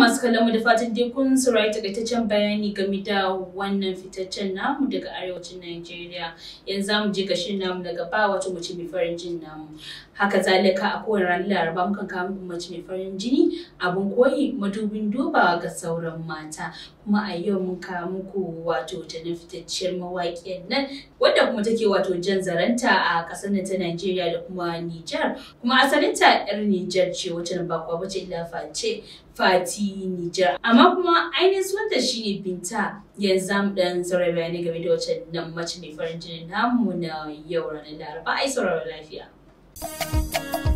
masu kallon da fatan dai kun saurari takaitaccen bayani game da wannan fitaccen namu daga arewacin Najeriya. Yanzu za mu je ga namu daga ba wato mu ci mai farin jin namu. haka zalika a kowane ranar laraba mukan kawo muku mace mai farin jini abun koyi madubin dubawa ga sauran mata kuma a yau mun kawo muku wato ta fitacciyar mawaƙiyar nan wadda kuma take wato jan zaranta a ƙasar ta Najeriya da kuma Nijar kuma ta 'yar Nijar ce wacce ba bakwa bace face Fati Nijar. Amma kuma ainihin sunanta shine Binta yanzu za mu dan saurari bayani game da wacce nan mace mai farin jinin namu na yau ranar Laraba ai sauraron lafiya. Música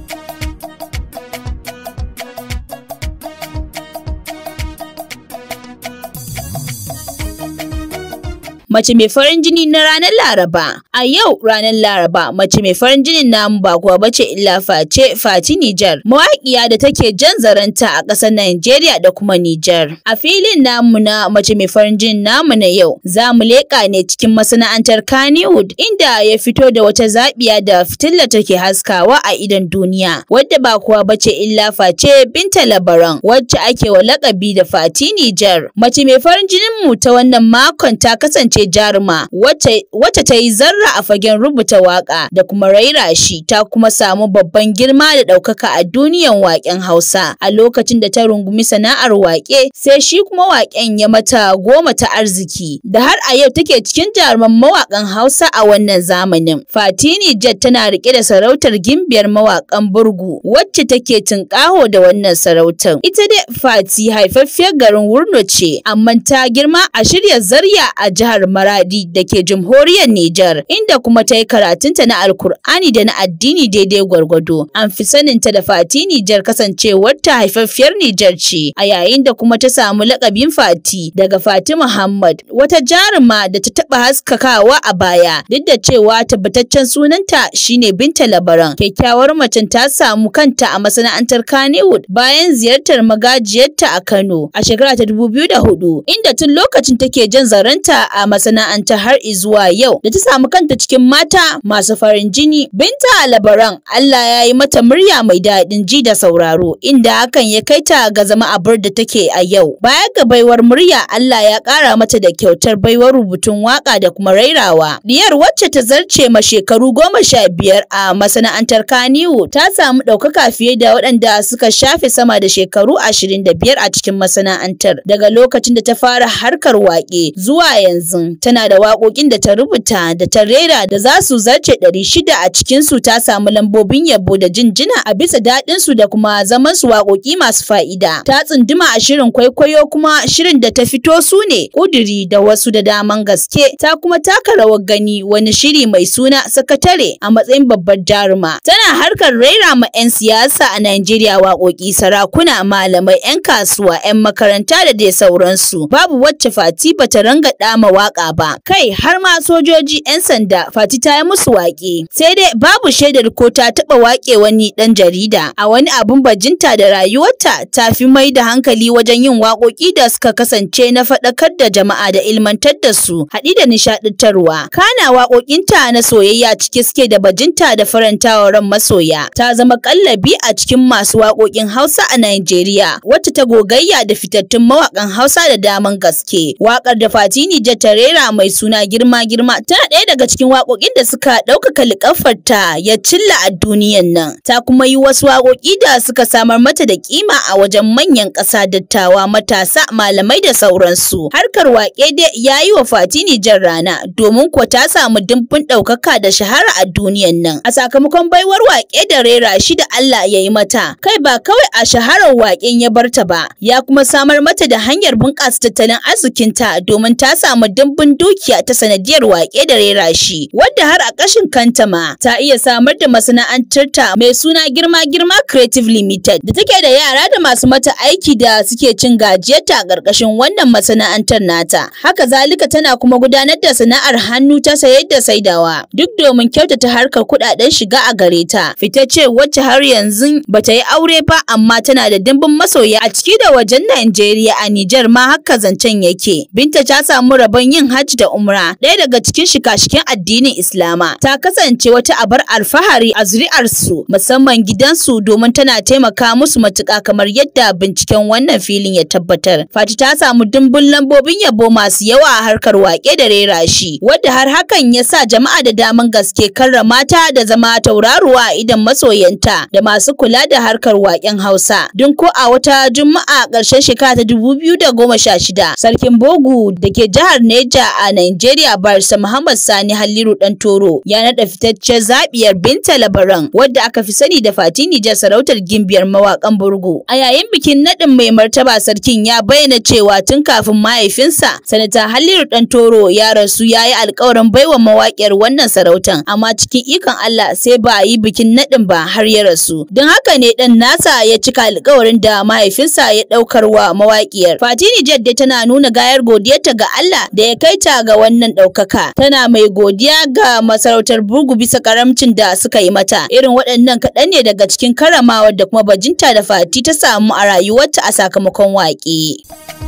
mace mai farin jini na ranar Laraba. A yau ranar Laraba mace mai farin jinin namu ba kuwa bace illa face Fati Nijar, mawaƙiya da take jan zaranta a ƙasar Najeriya da kuma Nijar. A filin namu na mace mai farin jinin namu na yau za mu leƙa ne cikin masana'antar Kannywood inda ya fito da wata zaɓiya da fitilla take haskawa a idan duniya wadda ba kuwa bace illa face Binta Labaran wacce ake wa lakabi da Fati Nijar. Mace mai farin jinin mu ta wannan makon ta kasance jaruma wacce ta yi zarra a fagen rubuta waƙa da kuma raira shi ta kuma samu babban girma da ɗaukaka a duniyan waƙen Hausa a lokacin da ta rungumi sana'ar waƙe sai shi kuma waƙen ya mata goma ta arziki da har a yau take cikin jaruman mawaƙan Hausa a wannan zamanin. Fatini Jad tana riƙe da sarautar gimbiyar mawaƙan Burgu wacce take tunƙaho da wannan sarautar. Ita dai Fati haifaffiyar garin Wurno ce amma ta girma a shirya zarya a jihar Maradi da ke jamhuriyar Nijar, inda kuma ta yi karatunta na Alkur'ani da na addini daidai gwargwado. An fi saninta da Fati Nijar kasancewar ta haifaffiyar Nijar ce, a yayin da kuma ta samu lakabin Fati daga Fati Muhammad, wata jaruma da ta taɓa haskakawa a baya, duk da cewa tabbataccen sunanta shine Binta Labaran. Kyakkyawar macen ta samu kanta a masana'antar Kannywood bayan ziyartar magajiyarta a Kano a shekara ta 2004, inda tun lokacin take jan zaranta a masana'anta har izuwa yau da ta samu kanta cikin mata masu farin jini. Binta Labaran Allah ya yi mata murya mai daɗin ji da sauraro inda hakan ya kai ta ga zama a da take a yau. Baya ga baiwar murya Allah ya ƙara mata da kyautar baiwar rubutun waƙa da kuma rairawa. Diyar wacce ta zarce ma shekaru goma sha biyar a masana'antar Kaniwu ta samu ɗaukaka fiye da waɗanda suka shafe sama da shekaru ashirin da biyar a cikin masana'antar daga lokacin da ta fara harkar waƙe zuwa yanzu. tana da waƙoƙin da ta rubuta da ta rera da za su zarce ɗari shida a su ta samu lambobin yabo da jinjina a bisa su da kuma zaman su waƙoƙi masu fa'ida. Ta tsunduma a shirin kwaikwayo kuma shirin da ta fito su ne ƙuduri da wasu da daman gaske. Ta kuma taka rawar gani wani shiri mai suna sakatare a matsayin babbar jaruma. Tana harkar rera ma 'yan siyasa a Najeriya waƙoƙi sarakuna malamai 'yan kasuwa 'yan makaranta da dai sauransu. Babu wacce fati bata ranga ɗama waƙa waka ba kai har ma sojoji 'yan sanda fati ta yi musu waƙe. sai dai babu shaidar ko ta taɓa waƙe wani ɗan jarida a wani abun bajinta da rayuwarta ta fi mai da hankali wajen yin waƙoƙi da suka kasance na faɗakar da jama'a da ilmantar da su haɗi da nishaɗantarwa kana waƙoƙinta na soyayya cike suke da bajinta da farantawa ran masoya ta zama kallabi a cikin masu waƙoƙin Hausa a Najeriya wacce ta gogayya da fitattun mawaƙan Hausa da daman gaske waƙar da Fati Fatini tare. Rera mai suna Girma Girma tana ɗaya daga cikin waƙoƙin da suka ɗaukaka likafarta ya cilla a duniyan nan. Ta kuma yi wasu waƙoƙi da suka samar mata da kima a wajen manyan ƙasa dattawa matasa malamai da sauransu. Harkar waƙe dai ya yi wa Fatini jan rana domin kuwa ta samu dimbin ɗaukaka da shahara a duniyan nan. A sakamakon baiwar waƙe da rera shi da Allah ya yi mata. Kai ba kawai a shaharar waƙen ya barta ba, ya kuma samar mata da hanyar bunƙasa tattalin arzikinta domin ta samu dimbin ɗimbin dukiya ta sanadiyar wake da rera shi wadda har a kashin kanta ma ta iya samar da masana'antar ta mai suna girma girma creative limited da take da yara da masu mata aiki da suke cin gajiyarta a ƙarƙashin wannan masana'antar nata haka zalika tana kuma gudanar da sana'ar hannu ta sayar da saidawa duk domin kyautata harkar kuɗaɗen shiga a gare ta fita ce wacce har yanzu bata yi aure ba amma tana da dimbin masoya a ciki da wajen Najeriya a Nijar ma haka zancen yake. Binta ta samu rabon yin yin hajj da umra ɗaya daga cikin shika shikin addinin islama ta kasance wata abar alfahari a zuri'arsu musamman gidansu domin tana taimaka musu matuƙa kamar yadda binciken wannan filin ya tabbatar fati ta samu dimbin lambobin yabo masu yawa a harkar waƙe da rera shi wadda har hakan ya sa jama'a da daman gaske karrama ta da zama tauraruwa a idan masoyanta da masu kula da harkar waƙen hausa don ko a wata juma'a ƙarshen shekara ta dubu biyu da goma sha shida sarkin bogu da ke jihar neja Abuja a Najeriya Barista Muhammad Sani Halliru toro ya naɗa fitaccen zaɓiyar Binta Labaran wadda aka fi sani da Fati Nijar sarautar gimbiyar mawakan Burgu. A yayin bikin naɗin mai martaba sarkin ya bayyana cewa tun kafin mahaifinsa Sanata Halliru toro ya rasu ya yi alƙawarin baiwa mawaƙiyar wannan sarautan amma cikin ikon Allah sai ba a yi bikin naɗin ba har ya rasu. Don haka ne dan nasa ya cika alƙawarin da mahaifinsa ya ɗaukar wa mawaƙiyar. Fati Nijar dai tana nuna gayar godiyarta ga Allah da ya kaita ga wannan ɗaukaka tana mai godiya ga masarautar Bugu bisa karamcin da suka yi mata irin waɗannan kaɗan ne daga cikin karamawar da kuma bajinta da Fati ta samu a rayuwarta a sakamakon waƙe.